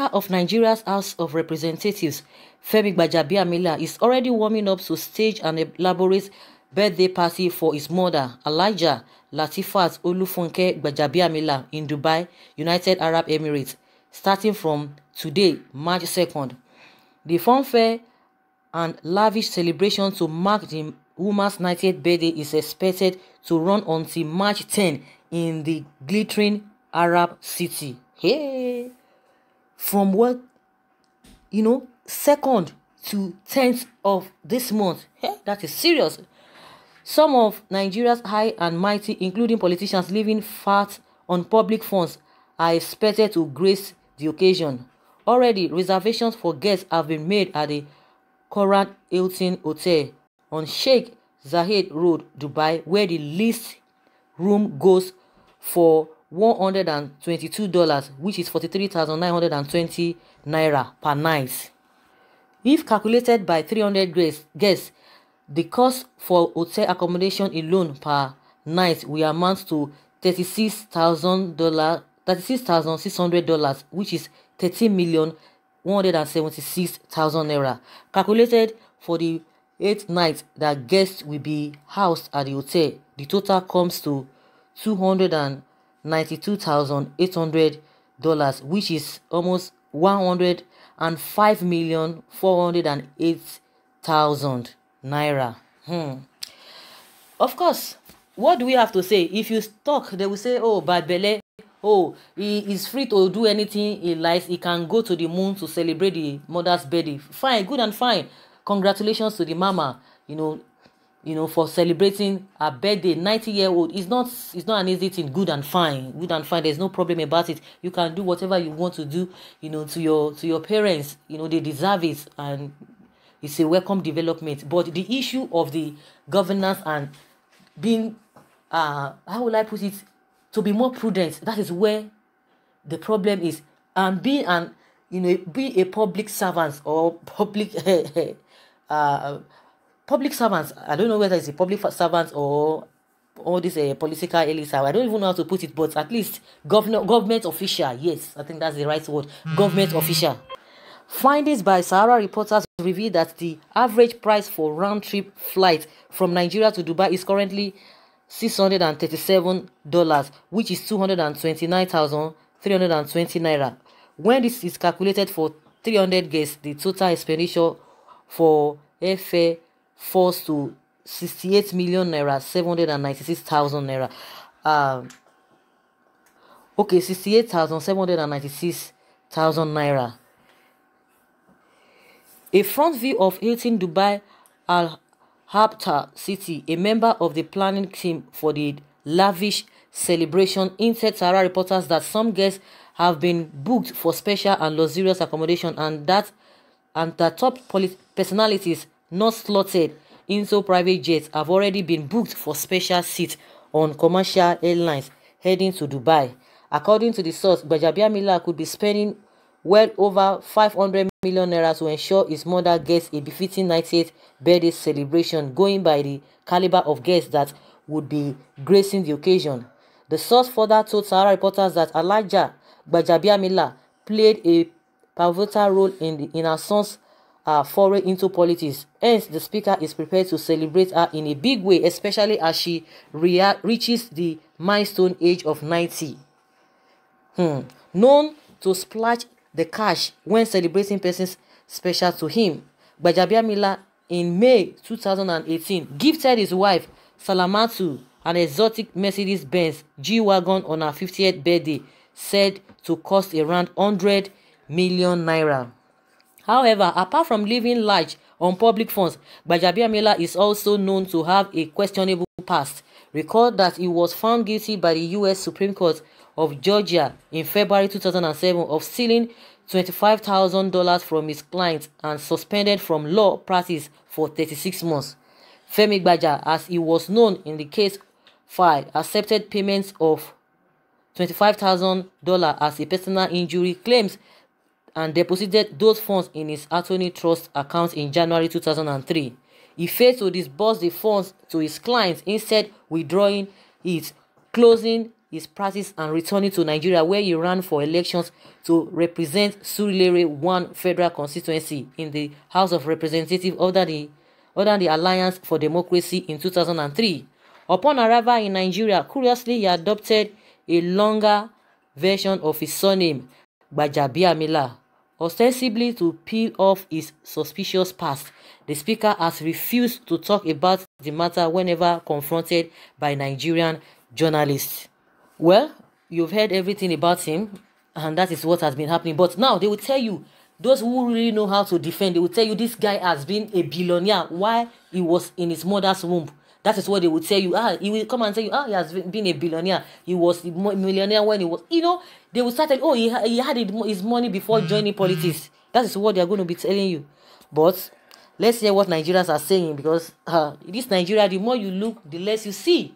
Speaker of Nigeria's House of Representatives, Femi Gbajabiamila, is already warming up to stage an elaborate birthday party for his mother, Elijah Latifat Olufunke Gbajabiamila, in Dubai, United Arab Emirates, starting from today, March 2nd. The funfair and lavish celebration to mark the woman's 90th birthday is expected to run until March 10 in the glittering Arab city. Hey! from what you know second to 10th of this month hey, eh, that is serious some of nigeria's high and mighty including politicians living fat on public funds are expected to grace the occasion already reservations for guests have been made at the Koran hilton hotel on sheikh zayed road dubai where the least room goes for $122 which is 43,920 naira per night. If calculated by 300 guests, the cost for hotel accommodation alone per night will amount to $36,600 $36, which is 13 million 176,000 naira calculated for the eight nights that guests will be housed at the hotel the total comes to 200 and $92,800 which is almost 105,408,000 naira. Hmm. Of course, what do we have to say? If you talk, they will say, oh, bad belle, oh, he is free to do anything he likes. He can go to the moon to celebrate the mother's birthday. Fine, good and fine. Congratulations to the mama. You know, you know for celebrating a birthday 90 year old it's not it's not an easy thing good and fine good and fine there's no problem about it you can do whatever you want to do you know to your to your parents you know they deserve it and it's a welcome development but the issue of the governance and being uh how will i put it to be more prudent that is where the problem is and being an you know be a public servant or public uh public servants. I don't know whether it's a public servant or all this uh, eh, political elites I don't even know how to put it, but at least governor, government official. Yes, I think that's the right word. Government hmm. official. Findings by Sahara reporters reveal that the average price for round trip flight from Nigeria to Dubai is currently six hundred and thirty seven dollars, which is two hundred hundred and and twenty nine thousand three twenty naira. When this is calculated for three hundred guests, the total expenditure for airfare falls to 68 million naira 796,000 naira. Um, okay, 68,796,000 naira. A front view of Hilton Dubai Al Habta City, a member of the planning team for the lavish celebration, intel Tara reporters that some guests have been booked for special and luxurious accommodation and that and that top polit personalities not slotted into private jets have already been booked for special seats on commercial airlines heading to Dubai. According to the source, Bajabia Miller could be spending well over 500 million naira to ensure his mother gets a befitting 98th birthday celebration going by the caliber of guests that would be gracing the occasion. The source further told Sahara reporters that Elijah Bajabia Miller played a pivotal role in, the, in her son's her foray into politics. Hence, the speaker is prepared to celebrate her in a big way, especially as she re reaches the milestone age of 90. Hmm. Known to splash the cash when celebrating persons special to him, Gbajabia Miller in May 2018 gifted his wife Salamatu an exotic Mercedes Benz G Wagon on her 50th birthday, said to cost around 100 million naira. However, apart from living large on public funds, Bajabia Miller is also known to have a questionable past. Recall that he was found guilty by the U.S. Supreme Court of Georgia in February 2007 of stealing $25,000 from his clients and suspended from law practice for 36 months. Femi Gbaja, as he was known in the case file, accepted payments of $25,000 as a personal injury claims and deposited those funds in his attorney trust account in January 2003. He failed to disburse the funds to his clients, instead withdrawing it, closing his practice and returning to Nigeria where he ran for elections to represent Surulere 1 federal constituency in the House of Representatives under the, under the Alliance for Democracy in 2003. Upon arrival in Nigeria, curiously he adopted a longer version of his surname, Gbajabiamila. Ostensibly to peel off his suspicious past, the speaker has refused to talk about the matter whenever confronted by Nigerian journalists. Well, you've heard everything about him, and that is what has been happening. But now they will tell you, those who really know how to defend, they will tell you this guy has been a billionaire while he was in his mother's womb. That is what they will tell you. Ah, he will come and tell you, ah, he has been a billionaire. He was a millionaire when he was, you know, they will start telling, oh, he, he had his money before mm, joining mm. politics. That is what they are going to be telling you. But let's hear what Nigerians are saying because uh, this Nigeria, the more you look, the less you see.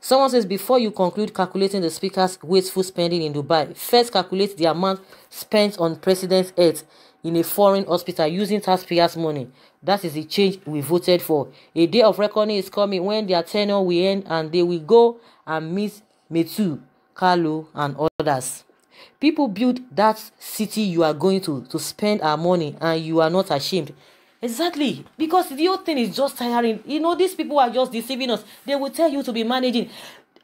Someone says, before you conclude calculating the speaker's wasteful spending in Dubai, first calculate the amount spent on President's aids in a foreign hospital using taxpayers' money. That is the change we voted for. A day of reckoning is coming when their tenure will end and they will go and meet Metu, Carlo, and others. People build that city you are going to to spend our money and you are not ashamed. Exactly. Because the whole thing is just tiring. You know, these people are just deceiving us. They will tell you to be managing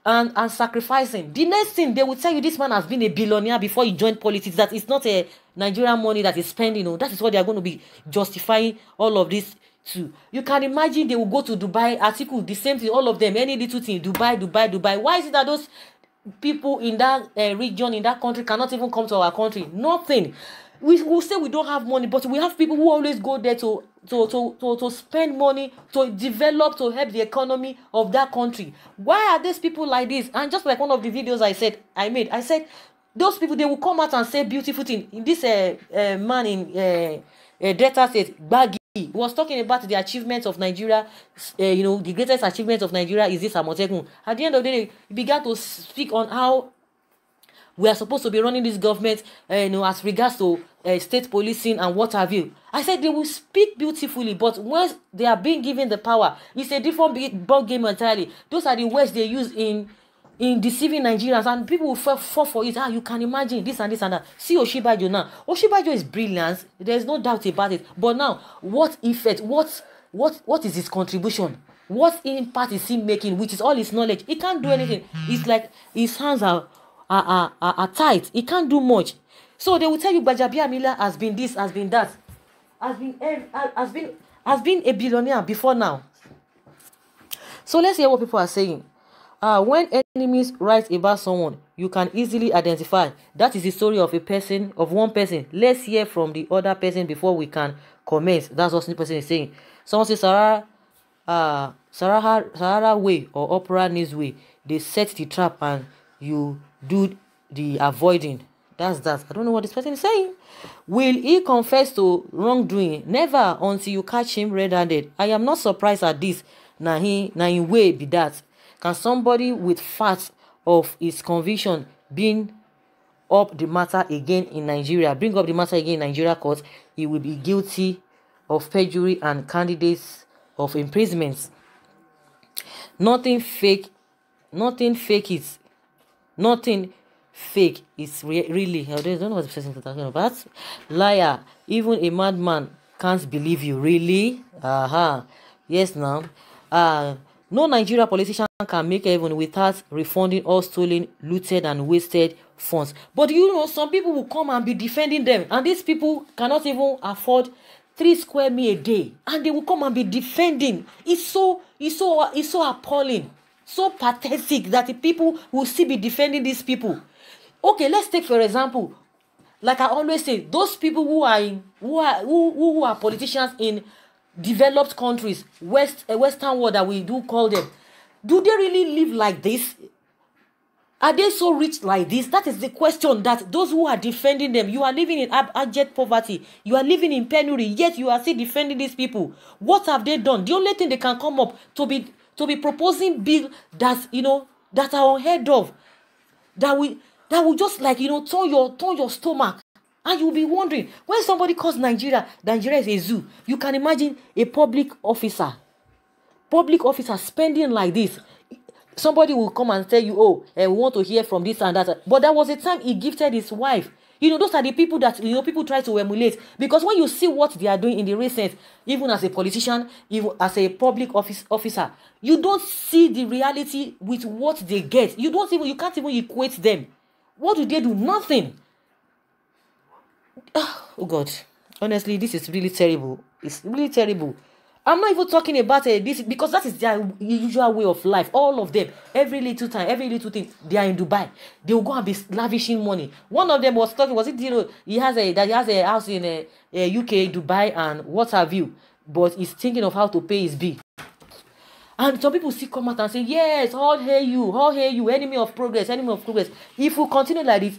and and sacrificing the next thing they will tell you this man has been a billionaire before he joined politics that it's not a nigerian money that he's spending on oh. that is what they are going to be justifying all of this to you can imagine they will go to dubai article the same thing all of them any little thing dubai dubai dubai why is it that those people in that uh, region in that country cannot even come to our country nothing we will say we don't have money but we have people who always go there to to to to to spend money to develop to help the economy of that country why are these people like this and just like one of the videos i said i made i said those people they will come out and say beautiful thing this uh, uh, man in uh, uh, delta state gbagi was talking about the achievements of nigeria uh, you know the greatest achievement of nigeria is this amotekun at the end of the day he began to speak on how we are supposed to be running this government uh, you know as regards to uh, state policing and what have you i said they will speak beautifully but once they are being given the power it's a different ball game entirely those are the words they use in in deceiving nigerians and people will fall, fall for it ah you can imagine this and this and that see oshibajo now oshibajo is brilliant There's no doubt about it but now what effect what what what is his contribution what impact is he making Which is all his knowledge he can't do anything it's like his hands are are are, are tight he can't do much So they will tell you Miller has been this, has been that, has been has been has been a billionaire before now. So let's hear what people are saying. Uh, when enemies write about someone, you can easily identify. That is the story of a person, of one person. Let's hear from the other person before we can comment. That's what the person is saying. Someone says Sarah, uh, Sarah, Sarah way or Opera News way. They set the trap and you do the avoiding. That's that. I don't know what this person is saying. Will he confess to wrongdoing? Never until you catch him red-handed. I am not surprised at this. Na he, na in way be that. Can somebody with facts of his conviction bring up the matter again in Nigeria? Bring up the matter again in Nigeria court. He will be guilty of perjury and candidates of imprisonment. Nothing fake. Nothing fake it. Nothing fake It's re- really I don't know what the person is talking about liar even a madman can't believe you really uh-huh. yes now uh no Nigeria politician can make heaven without refunding all stolen looted and wasted funds but you know some people will come and be defending them and these people cannot even afford three square meal a day and they will come and be defending it's so it's so it's so appalling so pathetic that the people will still be defending these people okay let's take for example like i always say those people who are in who are who who are politicians in developed countries west uh, western world that we do call them do they really live like this are they so rich like this that is the question that those who are defending them you are living in abject poverty you are living in penury yet you are still defending these people what have they done the only thing they can come up to be to be proposing big that you know that are unheard of that will that will just like you know turn your turn your stomach and you be wondering when somebody calls nigeria nigeria is a zoo you can imagine a public officer public officer spending like this somebody will come and tell you oh eh, we want to hear from this and that but there was a time he gifted his wife you know those are the people that you know people try to emulate because when you see what they are doing in the recent even as a politician even as a public office officer you don't see the reality with what they get you don't even you can't even equate them what do they do nothing ah, oh god honestly this is really terrible it's really terrible I'm not even talking about uh, this because that is their usual way of life. All of them, every little time, every little thing, they are in Dubai. They will go and be lavishing money. One of them was talking, was it you know, he has a that he has a house in a, a UK, Dubai, and what have you, but he's thinking of how to pay his bill. And some people see come out and say, Yes, all hail you, all hail you, enemy of progress, enemy of progress. If we continue like this,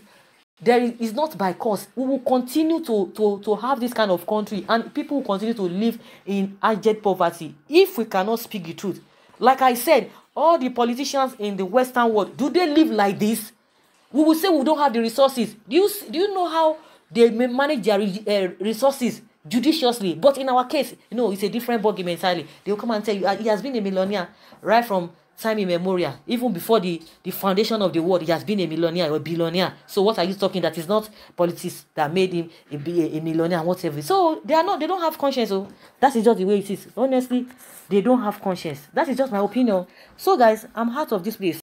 there is it's not by cause we will continue to to to have this kind of country and people will continue to live in abject poverty if we cannot speak the truth like i said all the politicians in the western world do they live like this we will say we don't have the resources do you do you know how they may manage their uh, resources judiciously but in our case you no know, it's a different ballgame entirely they will come and tell you uh, he has been a millionaire right from time immemorial, even before the, the foundation of the world, he has been a millionaire or a billionaire. So what are you talking that is not politics that made him a, a, a millionaire, whatever. So they are not, they don't have conscience. So oh. that is just the way it is. Honestly, they don't have conscience. That is just my opinion. So guys, I'm out of this place.